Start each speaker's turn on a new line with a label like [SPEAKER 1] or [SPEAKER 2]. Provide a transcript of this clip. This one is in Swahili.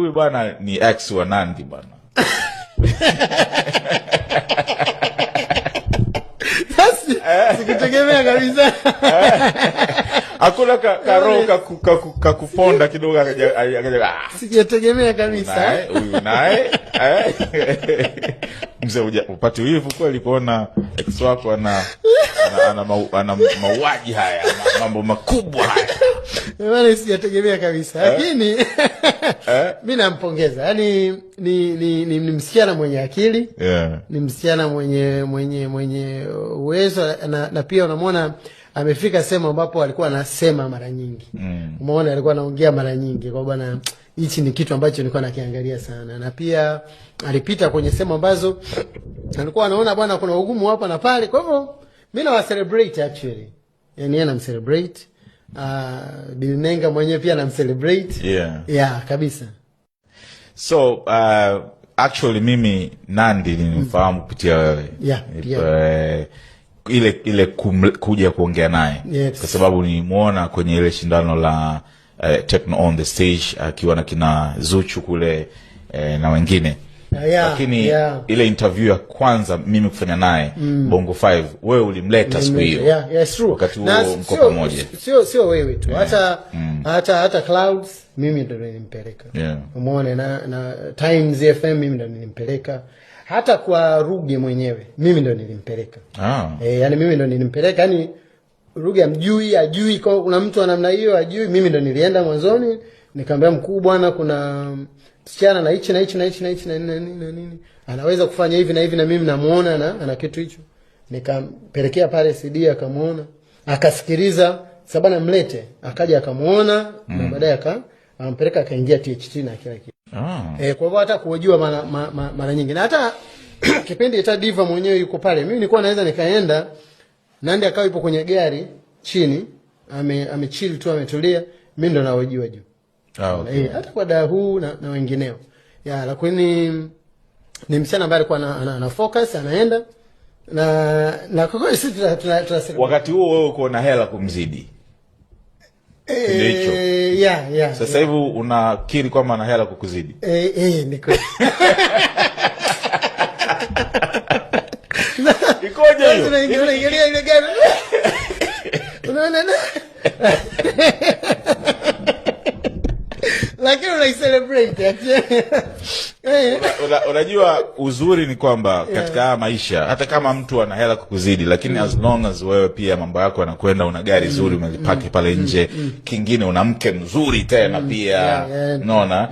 [SPEAKER 1] huyu bwana ni x wa Nandi bwana
[SPEAKER 2] sikutegemea kabisa
[SPEAKER 1] hakuna karoho kakuponda kidogo
[SPEAKER 2] ah. sijategemea kabisa
[SPEAKER 1] huyu naye eh. mzee upati wivu kweli kuona ex wako ana ana, ana, ana, ana mauaji haya mambo makubwa haya
[SPEAKER 2] maana sijategemea kabisa, eh? lakini eh? mi nampongeza. yaani ni, ni, ni, ni msichana mwenye akili yeah. Ni msichana mwenye mwenye mwenye uwezo na, na pia unamwona amefika sehemu ambapo alikuwa anasema mara nyingi mm. Umeona, alikuwa anaongea mara nyingi kwa bwana, hichi ni kitu ambacho nilikuwa nakiangalia sana, na pia alipita kwenye sehemu ambazo alikuwa anaona bwana, kuna ugumu hapa na pale. Kwa hivyo mi nawa celebrate actually, yani yeye namcelebrate uh, ah, Bilnenga mwenyewe pia anamcelebrate yeah. yeah kabisa
[SPEAKER 1] so uh, actually mimi Nandi mm. kupitia wewe yeah, yeah. Uh, ile ile kum, kuja kuongea naye yes. kwa sababu nimwona kwenye ile shindano la uh, Techno on the stage akiwa uh, na kina Zuchu kule uh, na wengine
[SPEAKER 2] Uh, yeah, lakini yeah.
[SPEAKER 1] ile interview ya kwanza mimi kufanya naye mm. Bongo 5 wewe ulimleta siku hiyo yeah, yeah, wakati huo mko pamoja,
[SPEAKER 2] sio sio wewe tu hata yeah. hata mm. hata Clouds mimi ndo nilimpeleka yeah. umeona na, na Times FM mimi ndo nilimpeleka hata kwa Ruge mwenyewe mimi ndo nilimpeleka ah. E, yani mimi ndo nilimpeleka yani Ruge amjui ajui, kuna mtu wa namna hiyo ajui, mimi ndo nilienda mwanzoni nikamwambia mkuu bwana, kuna msichana na hichi na hichi na hichi na hichi na nini na nini, anaweza kufanya hivi na hivi, na mimi namuona na ana kitu hicho. Nikampelekea pale CD, akamuona akasikiliza, sabana mlete, akaja akamuona mm. na baadaye aka ampeleka akaingia THT na kila kitu ah. Eh, kwa hivyo hata kuojua mara ma, ma, mara nyingi na hata kipindi cha diva mwenyewe yuko pale, mimi nilikuwa naweza nikaenda Nandi akawa yupo kwenye gari chini, ame ame chill tu ametulia, mimi ndo naojua juu ah, eh, okay. E, hata kwa daa huu na, na wengineo ya, lakini ni msichana ambaye alikuwa ana, ana, focus anaenda na na kwa kweli sisi tunasema
[SPEAKER 1] wakati huo wewe uko na hela kumzidi Ndicho.
[SPEAKER 2] Eh, e,
[SPEAKER 1] sasa hivi Unakiri kwamba ana hela kukuzidi?
[SPEAKER 2] Eh, eh ni kweli.
[SPEAKER 1] Ikoje
[SPEAKER 2] hiyo? ile gari? Unaona na? lakini unaicelebrate
[SPEAKER 1] eh. Unajua uzuri ni kwamba katika haya maisha, hata kama mtu ana hela kukuzidi, lakini as long as wewe pia mambo yako yanakwenda, una gari mm. zuri umelipaki pale mm. nje, mm. kingine una mke mzuri tena pia, naona